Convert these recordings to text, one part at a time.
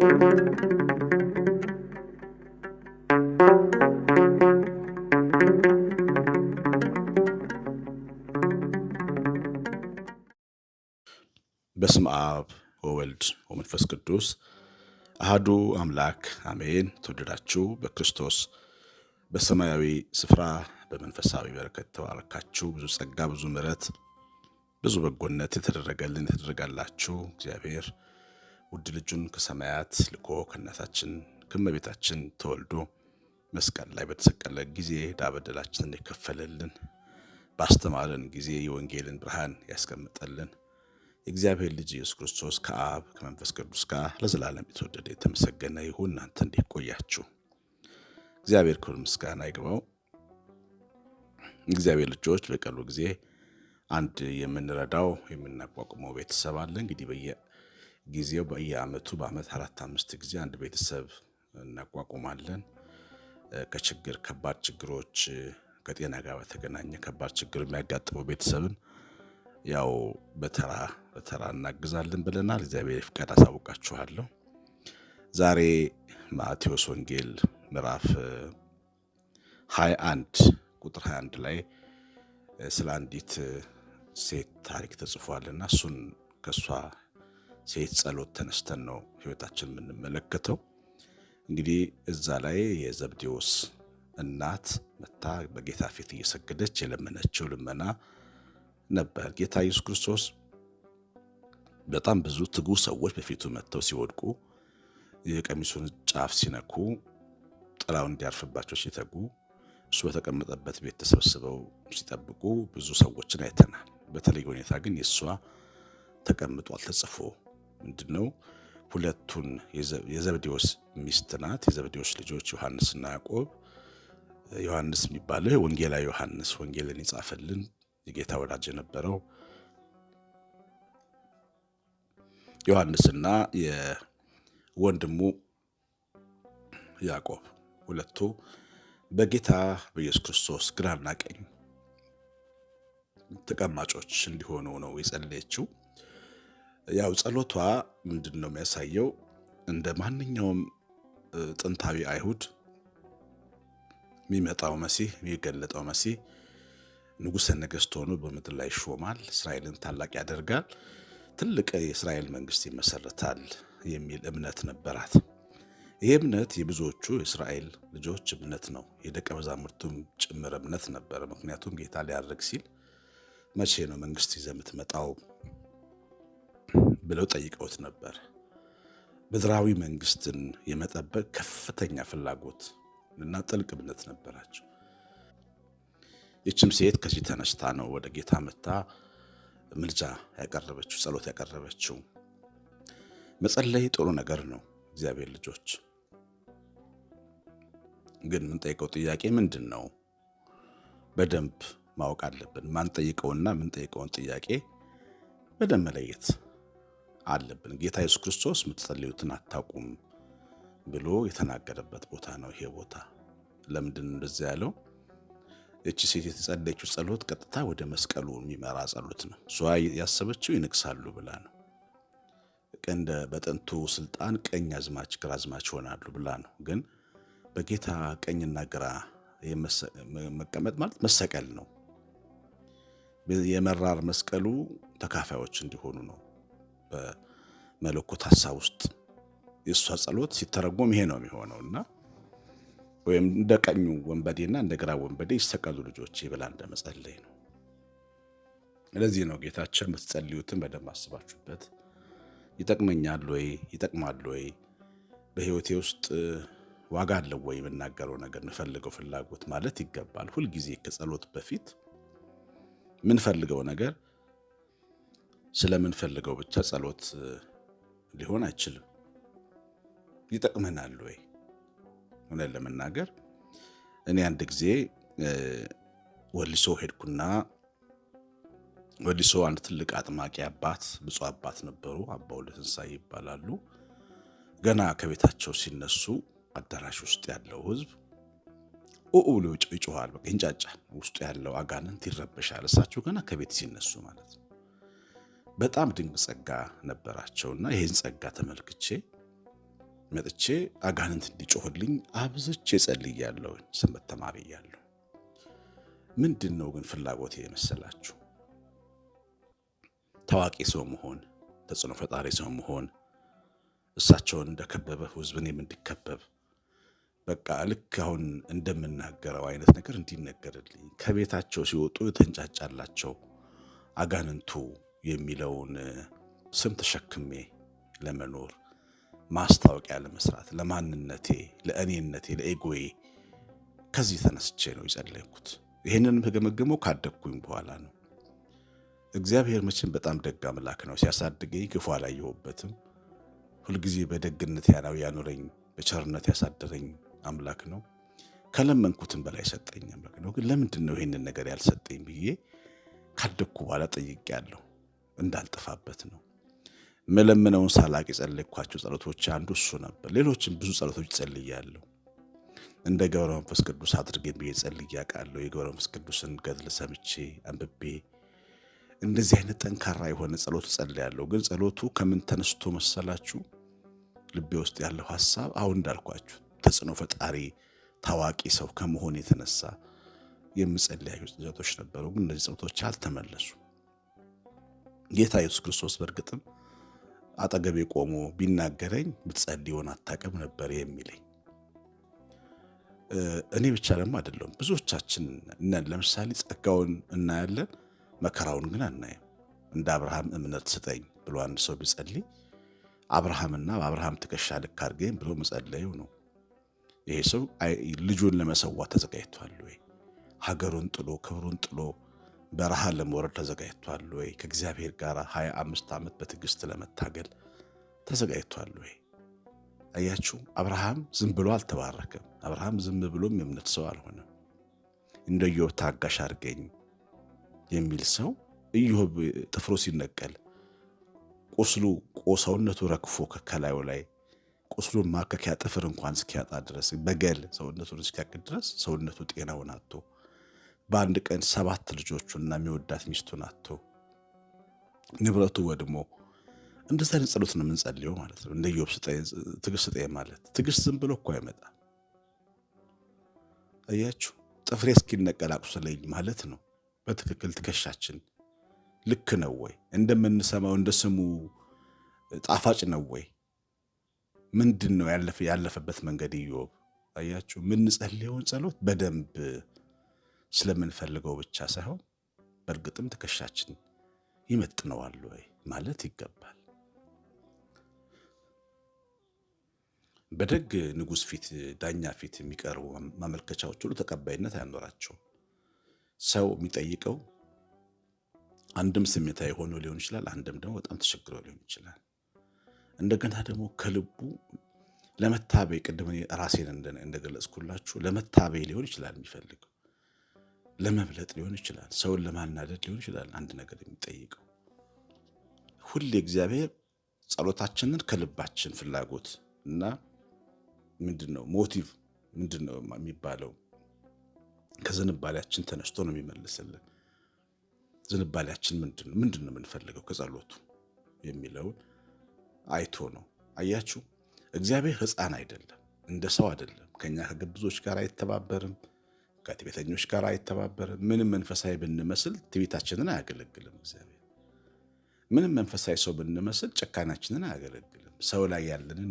በስም አብ ወወልድ ወመንፈስ ቅዱስ አህዱ አምላክ አሜን። ተወደዳችሁ በክርስቶስ በሰማያዊ ስፍራ በመንፈሳዊ በረከት ተባረካችሁ። ብዙ ጸጋ፣ ብዙ ምሕረት፣ ብዙ በጎነት የተደረገልን የተደረጋላችሁ እግዚአብሔር ውድ ልጁን ከሰማያት ልኮ ከእናታችን ከእመቤታችን ተወልዶ መስቀል ላይ በተሰቀለ ጊዜ ዕዳ በደላችንን የከፈለልን ባስተማረን ጊዜ የወንጌልን ብርሃን ያስቀምጠልን የእግዚአብሔር ልጅ ኢየሱስ ክርስቶስ ከአብ ከመንፈስ ቅዱስ ጋር ለዘላለም የተወደደ የተመሰገነ ይሁን። እናንተ እንዴት ቆያችሁ? እግዚአብሔር ክብር ምስጋና ይግባው። እግዚአብሔር ልጆች በቀሉ ጊዜ አንድ የምንረዳው የምናቋቁመው ቤተሰብ አለ እንግዲህ በየ ጊዜው በየአመቱ በአመት አራት አምስት ጊዜ አንድ ቤተሰብ እናቋቁማለን። ከችግር ከባድ ችግሮች ከጤና ጋር በተገናኘ ከባድ ችግር የሚያጋጥመው ቤተሰብን ያው በተራ በተራ እናግዛለን ብለናል። እግዚአብሔር ፍቃድ አሳውቃችኋለሁ። ዛሬ ማቴዎስ ወንጌል ምዕራፍ 21 ቁጥር 21 ላይ ስለ አንዲት ሴት ታሪክ ተጽፏልና እሱን ከእሷ ሴት ጸሎት ተነስተን ነው ህይወታችን የምንመለከተው። እንግዲህ እዛ ላይ የዘብዴዎስ እናት መታ በጌታ ፊት እየሰገደች የለመነችው ልመና ነበር። ጌታ ኢየሱስ ክርስቶስ በጣም ብዙ ትጉ ሰዎች በፊቱ መጥተው ሲወድቁ የቀሚሱን ጫፍ ሲነኩ ጥላውን እንዲያርፍባቸው ሲተጉ እሱ በተቀመጠበት ቤት ተሰብስበው ሲጠብቁ ብዙ ሰዎችን አይተናል። በተለየ ሁኔታ ግን የእሷ ተቀምጧል ተጽፎ። ምንድነው? ሁለቱን የዘብዴዎስ ሚስት ናት። የዘብዴዎስ ልጆች ዮሐንስና ያዕቆብ። ዮሐንስ የሚባለው ወንጌላዊ ዮሐንስ ወንጌልን የጻፈልን የጌታ ወዳጅ የነበረው ዮሐንስና የወንድሙ ያዕቆብ ሁለቱ በጌታ በኢየሱስ ክርስቶስ ግራና ቀኝ ተቀማጮች እንዲሆኑ ነው የጸለየችው። ያው ጸሎቷ ምንድን ነው የሚያሳየው? እንደ ማንኛውም ጥንታዊ አይሁድ የሚመጣው መሲህ የሚገለጠው መሲህ ንጉሠ ነገሥት ሆኖ በምድር ላይ ይሾማል፣ እስራኤልን ታላቅ ያደርጋል፣ ትልቅ የእስራኤል መንግስት ይመሰረታል የሚል እምነት ነበራት። ይህ እምነት የብዙዎቹ የእስራኤል ልጆች እምነት ነው፣ የደቀ መዛሙርቱም ጭምር እምነት ነበረ። ምክንያቱም ጌታ ሊያደርግ ሲል መቼ ነው መንግስት ይዘህ የምትመጣው ብለው ጠይቀውት ነበር። ምድራዊ መንግስትን የመጠበቅ ከፍተኛ ፍላጎት እና ጥልቅ እምነት ነበራቸው። ይችም ሴት ከዚህ ተነስታ ነው ወደ ጌታ መታ ምልጃ ያቀረበችው፣ ጸሎት ያቀረበችው። መጸለይ ጥሩ ነገር ነው። እግዚአብሔር ልጆች ግን የምንጠይቀው ጥያቄ ምንድን ነው? በደንብ ማወቅ አለብን። ማንጠይቀውና የምንጠይቀውን ጥያቄ በደንብ መለየት አለብን። ጌታ ኢየሱስ ክርስቶስ የምትጸልዩትን አታውቁም ብሎ የተናገረበት ቦታ ነው ይሄ ቦታ። ለምንድን እንደዚ ያለው? እቺ ሴት የተጸለየችው ጸሎት ቀጥታ ወደ መስቀሉ የሚመራ ጸሎት ነው። እሷ ያሰበችው ይንቅሳሉ ብላ ነው። እንደ በጥንቱ ስልጣን ቀኝ አዝማች ግራ አዝማች ይሆናሉ ብላ ነው። ግን በጌታ ቀኝና ግራ መቀመጥ ማለት መሰቀል ነው። የመራር መስቀሉ ተካፋዮች እንዲሆኑ ነው። በመለኮት ሀሳብ ውስጥ የእሷ ጸሎት ሲተረጎም ይሄ ነው የሚሆነው እና ወይም እንደ ቀኙ ወንበዴና እንደ ግራ ወንበዴ ይሰቀሉ ልጆቼ ብላ እንደመጸለይ ነው። ለዚህ ነው ጌታችን የምትጸልዩትን በደንብ አስባችሁበት ይጠቅመኛል ወይ ይጠቅማል ወይ በህይወቴ ውስጥ ዋጋ አለው ወይ የምናገረው ነገር የምፈልገው ፍላጎት ማለት ይገባል። ሁልጊዜ ከጸሎት በፊት የምንፈልገው ነገር ስለምንፈልገው ብቻ ጸሎት ሊሆን አይችልም። ይጠቅመናል ወይ? እውነት ለመናገር እኔ አንድ ጊዜ ወሊሶ ሄድኩና ወሊሶ አንድ ትልቅ አጥማቂ አባት ብፁ አባት ነበሩ። አባ ወልደ ትንሳኤ ይባላሉ። ገና ከቤታቸው ሲነሱ አዳራሽ ውስጥ ያለው ህዝብ ኡኡ ብሎ በቃ ይንጫጫል። ውስጡ ያለው አጋንንት ይረበሻል። እሳቸው ገና ከቤት ሲነሱ ማለት ነው። በጣም ድንቅ ጸጋ ነበራቸውና ይህን ጸጋ ተመልክቼ መጥቼ አጋንንት እንዲጮህልኝ አብዝቼ ጸልያለሁ፣ ሰንበት ተማሪ እያለሁ። ምንድን ነው ግን ፍላጎቴ የመሰላችሁ? ታዋቂ ሰው መሆን፣ ተጽዕኖ ፈጣሪ ሰው መሆን፣ እሳቸውን እንደከበበ ህዝብ የምንዲከበብ በቃ ልክ አሁን እንደምናገረው አይነት ነገር እንዲነገርልኝ፣ ከቤታቸው ሲወጡ የተንጫጫላቸው አጋንንቱ የሚለውን ስም ተሸክሜ ለመኖር ማስታወቂያ ለመስራት ለማንነቴ፣ ለእኔነቴ፣ ለኤጎዬ ከዚህ ተነስቼ ነው የጸለይኩት። ይህንንም ከገመገመው ካደግኩኝ በኋላ ነው። እግዚአብሔር መቼም በጣም ደግ አምላክ ነው። ሲያሳድገኝ ክፉ አላየሁበትም። ሁልጊዜ በደግነት ያናው ያኖረኝ በቸርነት ያሳደረኝ አምላክ ነው። ከለመንኩትም በላይ ሰጠኝ አምላክ ነው። ግን ለምንድን ነው ይህንን ነገር ያልሰጠኝ ብዬ ካደግኩ በኋላ ጠይቄያለሁ። እንዳልጠፋበት ነው። መለምነውን ሳላቅ የጸለይኳቸው ጸሎቶች አንዱ እሱ ነበር። ሌሎችም ብዙ ጸሎቶች ጸልያለሁ። እንደ ገብረ መንፈስ ቅዱስ አድርጌ ብዬ ጸልዬ አውቃለሁ። የገብረ መንፈስ ቅዱስን ገድል ሰምቼ አንብቤ እንደዚህ አይነት ጠንካራ የሆነ ጸሎት ጸልያለሁ። ግን ጸሎቱ ከምን ተነስቶ መሰላችሁ? ልቤ ውስጥ ያለው ሀሳብ አሁን እንዳልኳችሁ ተጽዕኖ ፈጣሪ ታዋቂ ሰው ከመሆን የተነሳ የምጸልያቸው ጸሎቶች ነበሩ። ግን እነዚህ ጸሎቶች አልተመለሱ ጌታ ኢየሱስ ክርስቶስ በእርግጥም አጠገቤ ቆሞ ቢናገረኝ ብትጸልይውን አታውቅም ነበር የሚለኝ። እኔ ብቻ ደግሞ አይደለሁም፣ ብዙዎቻችን እናን ለምሳሌ ጸጋውን እናያለን፣ መከራውን ግን አናየም። እንደ አብርሃም እምነት ስጠኝ ብሎ አንድ ሰው ቢጸልይ አብርሃምና በአብርሃም ትከሻ ልክ አድርገኝ ብሎ መጸለዩ ነው። ይሄ ሰው ልጁን ለመሰዋት ተዘጋጅቷል ወይ? ሀገሩን ጥሎ ክብሩን ጥሎ በረሃ ለመውረድ ተዘጋጅቷል ወይ? ከእግዚአብሔር ጋር 25 ዓመት በትዕግስት ለመታገል ተዘጋጅቷል ወይ? አያችሁ፣ አብርሃም ዝም ብሎ አልተባረከም። አብርሃም ዝም ብሎም የእምነት ሰው አልሆነም። እንደ ኢዮብ ታጋሽ አድርገኝ የሚል ሰው ኢዮብ ጥፍሮ ሲነቀል ቁስሉ ሰውነቱ ረግፎ ከላዩ ላይ ቁስሉን ማከኪያ ጥፍር እንኳን እስኪያጣ ድረስ በገል ሰውነቱን እስኪያቅድ ድረስ ሰውነቱ ጤናውን አጥቶ በአንድ ቀን ሰባት ልጆቹና የሚወዳት ሚስቱን አቶ ንብረቱ ወድሞ እንደዚህ አይነት ጸሎት ነው የምንጸልየው ማለት ነው። እንደ ዮብ ትዕግስት ስጠኝ ማለት ትዕግስት ዝም ብሎ እኮ አይመጣም። እያችሁ ጥፍሬ እስኪነቀል አቁስለኝ ማለት ነው። በትክክል ትከሻችን ልክ ነው ወይ? እንደምንሰማው እንደ ስሙ ጣፋጭ ነው ወይ? ምንድን ነው ያለፈበት መንገድ? ኢዮብ አያችሁ፣ የምንጸልየውን ጸሎት በደንብ ስለምንፈልገው ብቻ ሳይሆን በእርግጥም ትከሻችን ይመጥነዋል ወይ ማለት ይገባል። በደግ ንጉሥ ፊት፣ ዳኛ ፊት የሚቀርቡ ማመልከቻዎች ሁሉ ተቀባይነት አይኖራቸውም። ሰው የሚጠይቀው አንድም ስሜታዊ ሆኖ ሊሆን ይችላል፣ አንድም ደግሞ በጣም ተቸግሮ ሊሆን ይችላል። እንደገና ደግሞ ከልቡ ለመታበይ ቅድም ራሴን እንደገለጽኩላችሁ ለመታበይ ሊሆን ይችላል የሚፈልገው ለመብለጥ ሊሆን ይችላል፣ ሰውን ለማናደድ ሊሆን ይችላል። አንድ ነገር የሚጠይቀው ሁሌ እግዚአብሔር ጸሎታችንን ከልባችን ፍላጎት እና ምንድን ነው ሞቲቭ ምንድን ነው የሚባለው ከዝንባሌያችን ተነስቶ ነው የሚመልስልን። ዝንባሌያችን ምንድን ነው ምንድን ነው የምንፈልገው ከጸሎቱ የሚለውን አይቶ ነው። አያችሁ፣ እግዚአብሔር ሕፃን አይደለም፣ እንደ ሰው አይደለም፣ ከኛ ከግብዞች ጋር አይተባበርም። ከትቤተኞች ጋር አይተባበርም። ምንም መንፈሳዊ ብንመስል ትቤታችንን አያገለግልም። እግዚአብሔር ምንም መንፈሳዊ ሰው ብንመስል ጭካናችንን አያገለግልም። ሰው ላይ ያለንን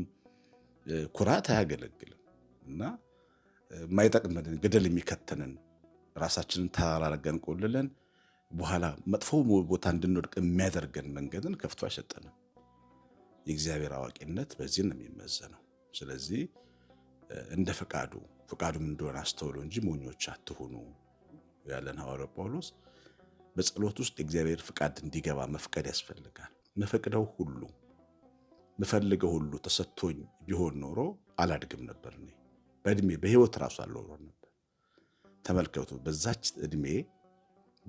ኩራት አያገለግልም እና የማይጠቅምንን ገደል የሚከተንን ራሳችንን ተራራ አድርገን ቆልለን በኋላ መጥፎ ቦታ እንድንወድቅ የሚያደርገን መንገድን ከፍቶ አይሰጠንም። የእግዚአብሔር አዋቂነት በዚህ ነው የሚመዘነው። ስለዚህ እንደ ፈቃዱ ፈቃዱም እንደሆነ አስተውሉ እንጂ ሞኞች አትሆኑ ያለን ሐዋርያው ጳውሎስ በጸሎት ውስጥ የእግዚአብሔር ፍቃድ እንዲገባ መፍቀድ ያስፈልጋል። መፈቅደው ሁሉ ምፈልገው ሁሉ ተሰጥቶኝ ቢሆን ኖሮ አላድግም ነበር። እኔ በእድሜ በህይወት ራሱ አልኖረም ነበር። ተመልከቱ፣ በዛች እድሜ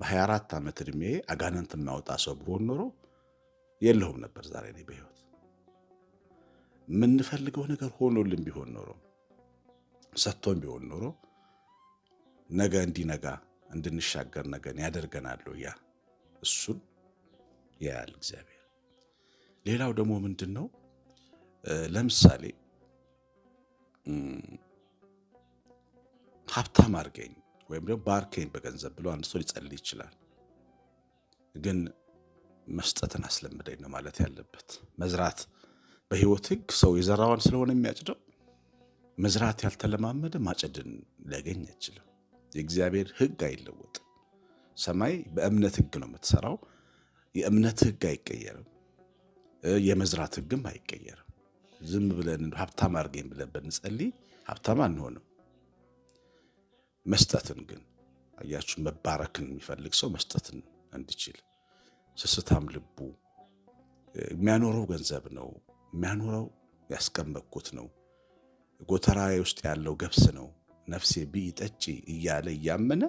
በ24 ዓመት እድሜ አጋንንት የማወጣ ሰው ቢሆን ኖሮ የለሁም ነበር ዛሬ እኔ በህይወት የምንፈልገው ነገር ሆኖልን ቢሆን ኖሮም ሰጥቶን ቢሆን ኖሮ ነገ እንዲነጋ እንድንሻገር ነገን ያደርገናለሁ። ያ እሱን ያያል እግዚአብሔር። ሌላው ደግሞ ምንድን ነው? ለምሳሌ ሀብታም አድርገኝ ወይም ደግሞ ባርከኝ በገንዘብ ብሎ አንድ ሰው ሊጸልይ ይችላል። ግን መስጠትን አስለምደኝ ነው ማለት ያለበት። መዝራት በህይወት ህግ ሰው የዘራዋን ስለሆነ የሚያጭደው መዝራት ያልተለማመደ ማጨድን ሊያገኝ አይችልም። የእግዚአብሔር ሕግ አይለወጥም። ሰማይ በእምነት ሕግ ነው የምትሰራው። የእምነት ሕግ አይቀየርም። የመዝራት ሕግም አይቀየርም። ዝም ብለን ሀብታም አድርገኝ ብለን ብንጸልይ ሀብታም አንሆንም። መስጠትን ግን አያችሁ፣ መባረክን የሚፈልግ ሰው መስጠትን እንዲችል ስስታም ልቡ የሚያኖረው ገንዘብ ነው የሚያኖረው ያስቀመጥኩት ነው ጎተራዬ ውስጥ ያለው ገብስ ነው ነፍሴ ብኢ ጠጪ እያለ እያመነ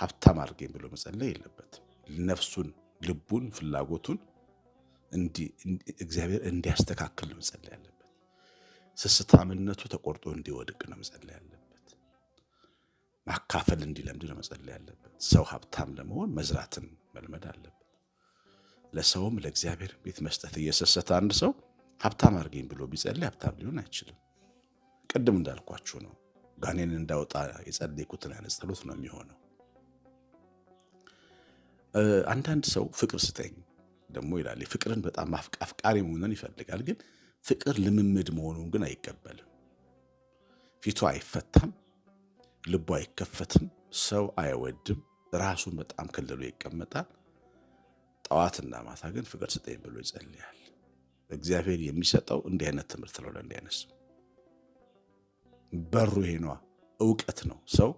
ሀብታም አድርገኝ ብሎ መጸለይ የለበትም። ነፍሱን፣ ልቡን፣ ፍላጎቱን እግዚአብሔር እንዲያስተካክል ነው መጸለይ ያለበት። ስስታምነቱ ተቆርጦ እንዲወድቅ ነው መጸለይ ያለበት። ማካፈል እንዲለምድ ነው መጸለይ ያለበት። ሰው ሀብታም ለመሆን መዝራትን መልመድ አለበት። ለሰውም ለእግዚአብሔር ቤት መስጠት እየሰሰተ አንድ ሰው ሀብታም አድርገኝ ብሎ ቢጸልይ ሀብታም ሊሆን አይችልም። ቅድም እንዳልኳችሁ ነው። ጋኔን እንዳወጣ የጸለይኩትን አይነት ጸሎት ነው የሚሆነው። አንዳንድ ሰው ፍቅር ስጠኝ ደግሞ ይላል። ፍቅርን በጣም አፍቃሪ መሆንን ይፈልጋል። ግን ፍቅር ልምምድ መሆኑን ግን አይቀበልም። ፊቱ አይፈታም፣ ልቡ አይከፈትም፣ ሰው አይወድም። ራሱን በጣም ክልሉ ይቀመጣል። ጠዋትና ማታ ግን ፍቅር ስጠኝ ብሎ ይጸልያል። እግዚአብሔር የሚሰጠው እንዲህ አይነት ትምህርት ነው ለእንዲህ አይነት ሰው በሩ ይሄ ነዋ። እውቀት ነው። ሰው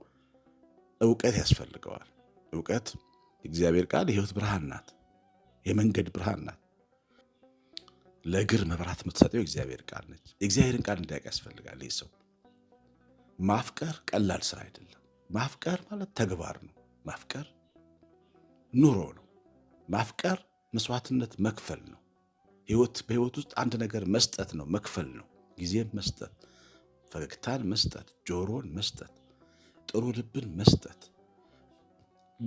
እውቀት ያስፈልገዋል። እውቀት የእግዚአብሔር ቃል የህይወት ብርሃን ናት። የመንገድ ብርሃን ናት። ለእግር መብራት የምትሰጠው እግዚአብሔር ቃል ነች። እግዚአብሔርን ቃል እንዳያውቅ ያስፈልጋል። ይህ ሰው ማፍቀር ቀላል ስራ አይደለም። ማፍቀር ማለት ተግባር ነው። ማፍቀር ኑሮ ነው። ማፍቀር መስዋዕትነት መክፈል ነው። ህይወት በህይወት ውስጥ አንድ ነገር መስጠት ነው፣ መክፈል ነው፣ ጊዜም መስጠት ፈገግታን መስጠት፣ ጆሮን መስጠት፣ ጥሩ ልብን መስጠት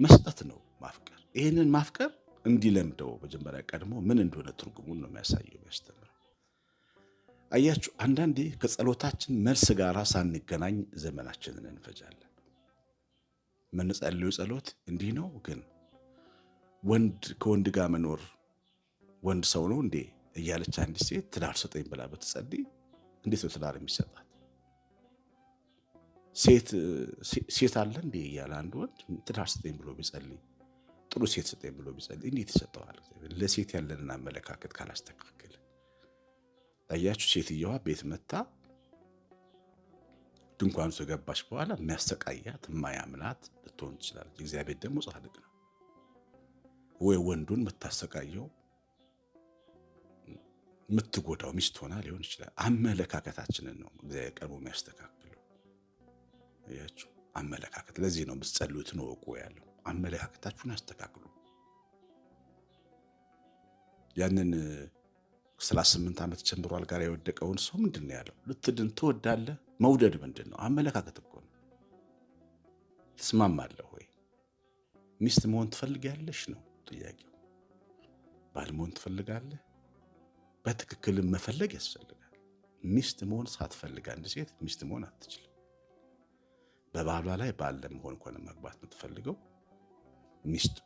መስጠት ነው ማፍቀር። ይህንን ማፍቀር እንዲለምደው መጀመሪያ ቀድሞ ምን እንደሆነ ትርጉሙን ነው የሚያሳየው የሚያስተምረው። አያችሁ፣ አንዳንዴ ከጸሎታችን መልስ ጋር ሳንገናኝ ዘመናችንን እንፈጃለን። የምንጸልየው ጸሎት እንዲህ ነው ግን ወንድ ከወንድ ጋር መኖር ወንድ ሰው ነው እንዴ እያለች አንዲት ሴት ትዳር ሰጠኝ ብላ ብትጸልይ እንዴት ነው ትዳር የሚሰጣት? ሴት አለ እንዴ እያለ አንድ ወንድ ትዳር ስጠኝ ብሎ ቢጸልይ ጥሩ ሴት ስጠኝ ብሎ ቢጸልይ እንዴት ይሰጠዋል? ለሴት ያለንን አመለካከት ካላስተካከለ ታያችሁ። ሴትየዋ ቤት መታ ድንኳን ውስጥ ገባች በኋላ የሚያሰቃያት የማያምናት ልትሆን ትችላለች። እግዚአብሔር ደግሞ ጻድቅ ነው ወይ ወንዱን የምታሰቃየው የምትጎዳው ሚስት ሆና ሊሆን ይችላል። አመለካከታችንን ነው እግዚአብሔር ቀርቦ የሚያስተካክል ያችሁ አመለካከት። ለዚህ ነው የምትጸልዩትን እወቁ ያለው። አመለካከታችሁን አስተካክሉ። ያንን ሰላሳ ስምንት ዓመት ጀምሯል ጋር የወደቀውን ሰው ምንድን ነው ያለው? ልትድን ትወዳለህ? መውደድ ምንድን ነው? አመለካከት እኮ ነው። ትስማማለህ ወይ? ሚስት መሆን ትፈልጋለሽ ነው ጥያቄው። ባል መሆን ትፈልጋለህ? በትክክልም መፈለግ ያስፈልጋል። ሚስት መሆን ሳትፈልግ አንድ ሴት ሚስት መሆን አትችልም። በባሏ ላይ ባል ለመሆን ከሆነ መግባት የምትፈልገው ሚስት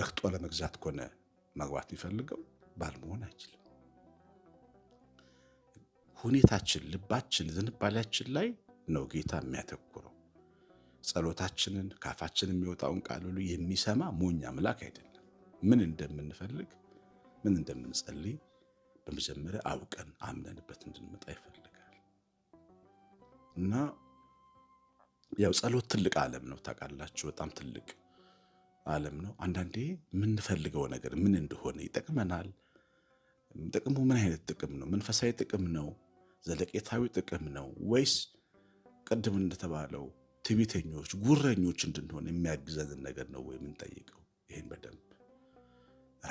ረክጦ ለመግዛት ከሆነ መግባት የሚፈልገው ባል መሆን አይችልም። ሁኔታችን፣ ልባችን፣ ዝንባሌያችን ላይ ነው ጌታ የሚያተኩረው። ጸሎታችንን ካፋችን የሚወጣውን ቃል ሁሉ የሚሰማ ሞኝ አምላክ አይደለም። ምን እንደምንፈልግ ምን እንደምንጸልይ በመጀመሪያ አውቀን አምነንበት እንድንመጣ ይፈልጋል እና ያው ጸሎት ትልቅ ዓለም ነው ታውቃላችሁ። በጣም ትልቅ ዓለም ነው። አንዳንዴ የምንፈልገው ነገር ምን እንደሆነ ይጠቅመናል። ጥቅሙ ምን አይነት ጥቅም ነው? መንፈሳዊ ጥቅም ነው? ዘለቄታዊ ጥቅም ነው? ወይስ ቅድም እንደተባለው ትዕቢተኞች፣ ጉረኞች እንድንሆን የሚያግዘንን ነገር ነው ወይ የምንጠይቀው? ይህን በደንብ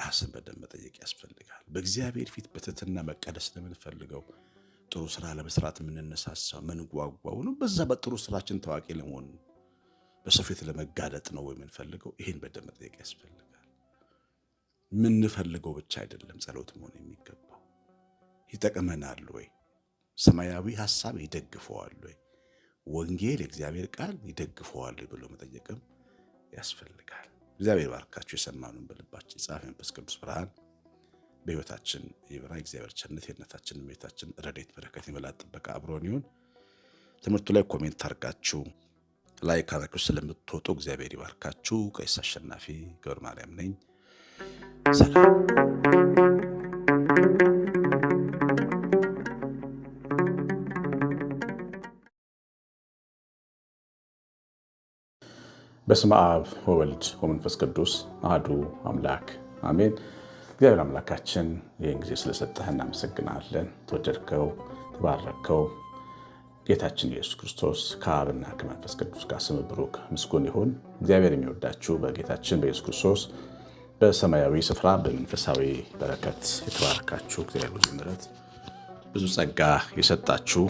ራስን በደንብ መጠየቅ ያስፈልጋል። በእግዚአብሔር ፊት በትህትና መቀደስ ለምንፈልገው ጥሩ ስራ ለመስራት የምንነሳሳው ምንጓጓው ነው። በዛ በጥሩ ስራችን ታዋቂ ለመሆን በሰው ለመጋለጥ ነው የምንፈልገው። ይህን በደንብ መጠየቅ ያስፈልጋል። የምንፈልገው ብቻ አይደለም ጸሎት መሆን የሚገባው ይጠቅመናል ወይ፣ ሰማያዊ ሀሳብ ይደግፈዋል ወይ፣ ወንጌል የእግዚአብሔር ቃል ይደግፈዋል ብሎ መጠየቅም ያስፈልጋል። እግዚአብሔር ባርካችሁ የሰማኑን በልባችን ጻፍ። መንፈስ ቅዱስ ብርሃን በህይወታችን የበራ እግዚአብሔር ቸርነት የእናታችን ቤታችን ረዴት በረከት የመላ ጥበቃ አብሮን ይሁን። ትምህርቱ ላይ ኮሜንት አርጋችሁ ላይ ካላችሁ ስለምትወጡ እግዚአብሔር ይባርካችሁ። ቀሲስ አሸናፊ ገብረ ማርያም ነኝ። ሰላም በስመ አብ ወወልድ ወመንፈስ ቅዱስ አሐዱ አምላክ አሜን። እግዚአብሔር አምላካችን ይህን ጊዜ ስለሰጠህ እናመሰግናለን። ተወደድከው፣ ተባረከው። ጌታችን ኢየሱስ ክርስቶስ ከአብና ከመንፈስ ቅዱስ ጋር ስም ብሩክ ምስጉን ይሁን። እግዚአብሔር የሚወዳችሁ በጌታችን በኢየሱስ ክርስቶስ በሰማያዊ ስፍራ በመንፈሳዊ በረከት የተባረካችሁ እግዚአብሔር ብዙ ምሕረት ብዙ ጸጋ የሰጣችሁ